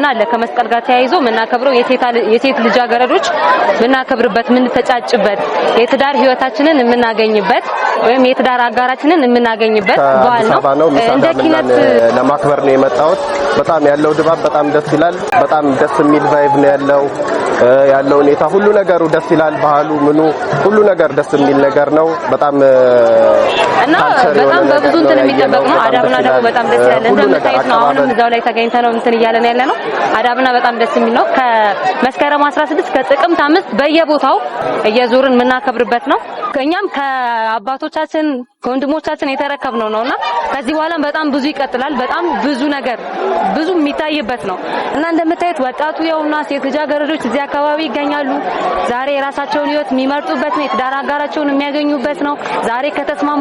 ሕክምና አለ። ከመስቀል ጋር ተያይዞ የምናከብረው የሴት ልጃገረዶች የምናከብርበት፣ የምንተጫጭበት፣ የትዳር ህይወታችንን የምናገኝበት ወይም የትዳር አጋራችንን የምናገኝበት በዓል ነው። እንደ ኪነት ለማክበር ነው የመጣሁት። በጣም ያለው ድባብ በጣም ደስ ይላል። በጣም ደስ የሚል ቫይብ ነው ያለው ያለው ሁኔታ ሁሉ ነገሩ ደስ ይላል። ባህሉ ምኑ ሁሉ ነገር ደስ የሚል ነገር ነው በጣም በጣም በብዙ እንትን የሚጠበቅ ነው። አዳብና ደግሞ በጣም ደስ ይላል። እንደምታዩት ነው። አሁንም እዛው ላይ ተገኝተ ነው እንትን እያለን ያለ ነው። አዳብና በጣም ደስ የሚል ነው። ከመስከረም 16 እስከ ጥቅምት አምስት በየቦታው እየዞርን የምናከብርበት ነው። እኛም ከአባቶቻችን ከወንድሞቻችን የተረከብነው ነውና ከዚህ በኋላ በጣም ብዙ ይቀጥላል። በጣም ብዙ ነገር ብዙ የሚታይበት ነው እና እንደምታዩት ወጣቱ የውና ሴት ልጃገረዶች እዚህ አካባቢ ይገኛሉ። ዛሬ የራሳቸውን ህይወት የሚመርጡበት ነው። የትዳር አጋራቸውን የሚያገኙበት ነው። ዛሬ ከተስማሙ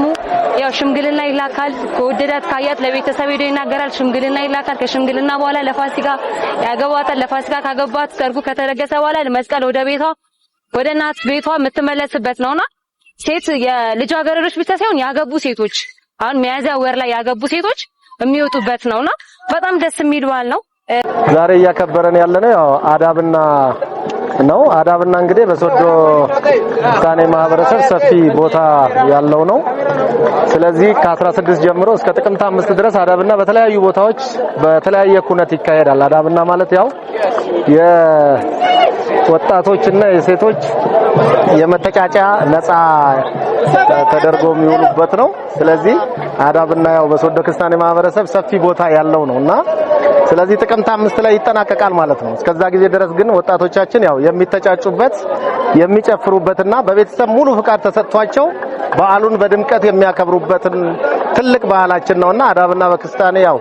ሽምግልና ይላካል። ከወደዳት ካያት ለቤተሰብ ሄዶ ይናገራል። ሽምግልና ይላካል። ከሽምግልና በኋላ ለፋሲካ ያገባታል። ለፋሲካ ካገባት ሰርጉ ከተደገሰ በኋላ መስቀል ወደ ቤቷ ወደ እናት ቤቷ የምትመለስበት ነውና ሴት የልጃገረዶች ብቻ ሳይሆን ያገቡ ሴቶች አሁን ሚያዝያ ወር ላይ ያገቡ ሴቶች የሚወጡበት ነውና በጣም ደስ የሚል በዓል ነው። ዛሬ እያከበረን ያለነው ያው አዳብና ነው። አዳብና እንግዲህ በሶዶ ብታኔ ማህበረሰብ ሰፊ ቦታ ያለው ነው። ስለዚህ ከ16 ጀምሮ እስከ ጥቅምት አምስት ድረስ አዳብና በተለያዩ ቦታዎች በተለያየ ኩነት ይካሄዳል። አዳብና ማለት ያው ወጣቶችና የሴቶች የመተጫጫ ነፃ ተደርጎ የሚውሉበት ነው። ስለዚህ አዳብና ያው በሶዶ ክርስቲያን ማህበረሰብ ሰፊ ቦታ ያለው ነው እና ስለዚህ ጥቅምት አምስት ላይ ይጠናቀቃል ማለት ነው። እስከዛ ጊዜ ድረስ ግን ወጣቶቻችን ያው የሚተጫጩበት የሚጨፍሩበትና በቤተሰብ ሙሉ ፍቃድ ተሰጥቷቸው በዓሉን በድምቀት የሚያከብሩበትን ትልቅ ባህላችን ነውና አዳብና በክስታኔ ያው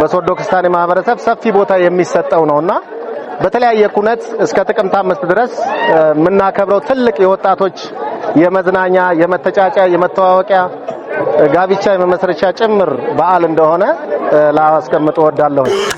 በሶዶ ክስታኔ ማህበረሰብ ሰፊ ቦታ የሚሰጠው ነውና በተለያየ ኩነት እስከ ጥቅምት አምስት ድረስ የምናከብረው ትልቅ የወጣቶች የመዝናኛ፣ የመተጫጫ፣ የመተዋወቂያ ጋብቻ የመመስረቻ ጭምር በዓል እንደሆነ ላስቀምጥ ወዳለሁ።